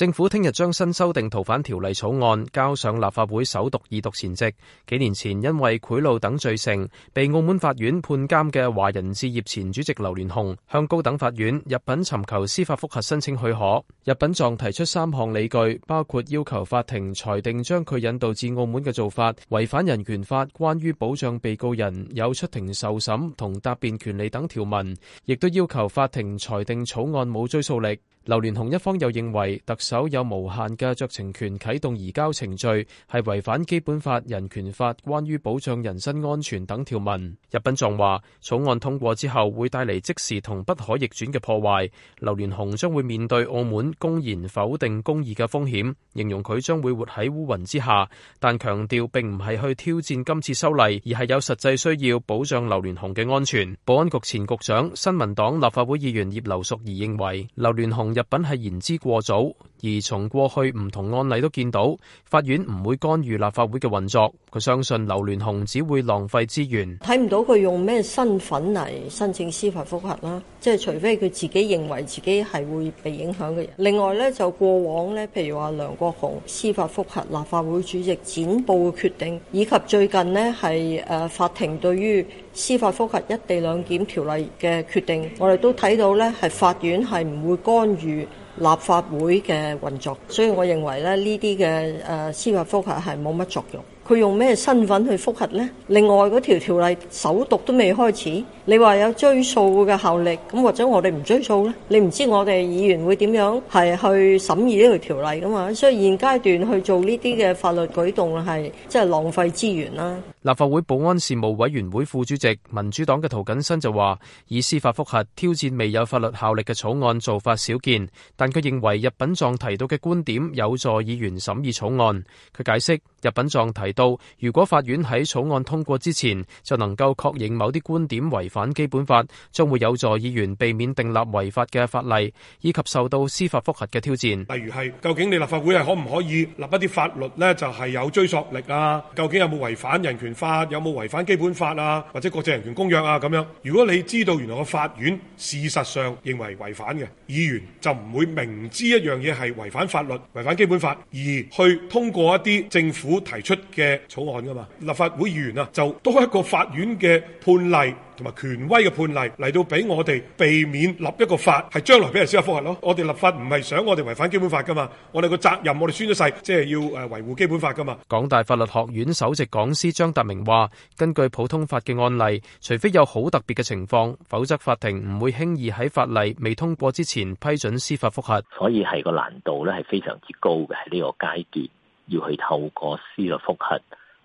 政府聽日將新修訂逃犯條例草案交上立法會首讀、二讀前夕，幾年前因為賄賂等罪成，被澳門法院判監嘅華人置業前主席劉鑾雄向高等法院入稟尋求司法複核申請許可。入稟狀提出三項理據，包括要求法庭裁定將佢引渡至澳門嘅做法違反人權法關於保障被告人有出庭受審同答辯權利等條文，亦都要求法庭裁定草案冇追溯力。劉鑾雄一方又認為，特首有無限嘅酌情權啟動移交程序，係違反基本法、人權法關於保障人身安全等條文。入稟狀話：草案通過之後，會帶嚟即時同不可逆轉嘅破壞。劉鑾雄將會面對澳門公然否定公義嘅風險，形容佢將會活喺烏雲之下。但強調，並唔係去挑戰今次修例，而係有實際需要保障劉鑾雄嘅安全。保安局前局長、新民黨立法會議員葉劉淑儀認為，劉鑾雄入。物品係言之過早，而從過去唔同案例都見到，法院唔會干預立法會嘅運作。佢相信劉鑾雄只會浪費資源，睇唔到佢用咩身份嚟申請司法複核啦，即係除非佢自己認為自己係會被影響嘅人。另外咧，就過往咧，譬如話梁國雄司法複核立法會主席剪布嘅決定，以及最近呢係誒法庭對於。司法覆核一地兩檢條例嘅決定，我哋都睇到咧，係法院係唔會干預立法會嘅運作，所以我認為咧呢啲嘅誒司法覆核係冇乜作用。佢用咩身份去覆核咧？另外嗰條條例首讀都未開始，你話有追溯嘅效力，咁或者我哋唔追溯咧？你唔知我哋議員會點樣係去審議呢條條例噶嘛？所以現階段去做呢啲嘅法律舉動係即係浪費資源啦。立法會保安事務委員會副主席民主黨嘅涂謹申就話：以司法覆核挑戰未有法律效力嘅草案做法少見，但佢認為入稟狀提到嘅觀點有助議員審議草案。佢解釋入稟狀提到。到如果法院喺草案通過之前就能夠確認某啲觀點違反基本法，將會有助議員避免訂立違法嘅法例，以及受到司法複核嘅挑戰。例如係究竟你立法會係可唔可以立一啲法律咧，就係、是、有追溯力啊？究竟有冇違反人權法，有冇違反基本法啊？或者國際人權公約啊？咁樣如果你知道原來個法院事實上認為違反嘅，議員就唔會明知一樣嘢係違反法律、違反基本法，而去通過一啲政府提出嘅。草案噶嘛？立法會議員啊，就多一個法院嘅判例同埋權威嘅判例嚟到俾我哋避免立一個法，係將來俾人司法覆核咯。我哋立法唔係想我哋違反基本法噶嘛？我哋個責任，我哋宣咗誓，即係要誒維護基本法噶嘛。港大法律學院首席講師張達明話：根據普通法嘅案例，除非有好特別嘅情況，否則法庭唔會輕易喺法例未通過之前批准司法覆核。覆核，所以係個難度咧，係非常之高嘅，喺呢個階段。要去透過司法覆核，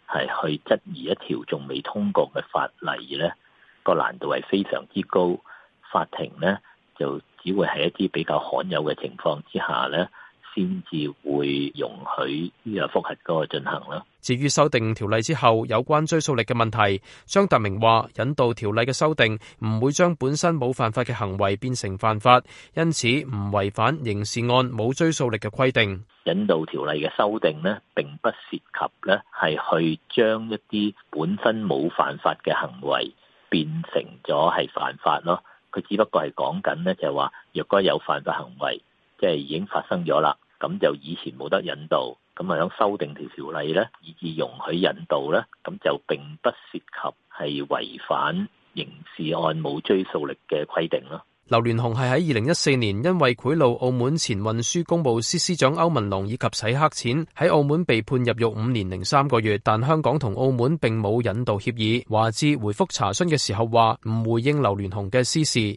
係去質疑一條仲未通過嘅法例，呢個難度係非常之高，法庭呢就只會喺一啲比較罕有嘅情況之下呢。先至會容許呢個複核嗰個進行咯。至於修訂條例之後有關追溯力嘅問題，張達明話：引渡條例嘅修訂唔會將本身冇犯法嘅行為變成犯法，因此唔違反刑事案冇追溯力嘅規定。引渡條例嘅修訂咧，並不涉及咧係去將一啲本身冇犯法嘅行為變成咗係犯法咯。佢只不過係講緊咧就話，若果有犯法行為，即係已經發生咗啦。咁就以前冇得引渡，咁啊響修訂條條例咧，以致容許引渡咧，咁就並不涉及係違反刑事案冇追溯力嘅規定咯。劉銮雄係喺二零一四年因為賄賂澳門前運輸工務司司長歐文龍以及洗黑錢喺澳門被判入獄五年零三個月，但香港同澳門並冇引渡協議。華置回覆查詢嘅時候話唔回應劉銮雄嘅私事。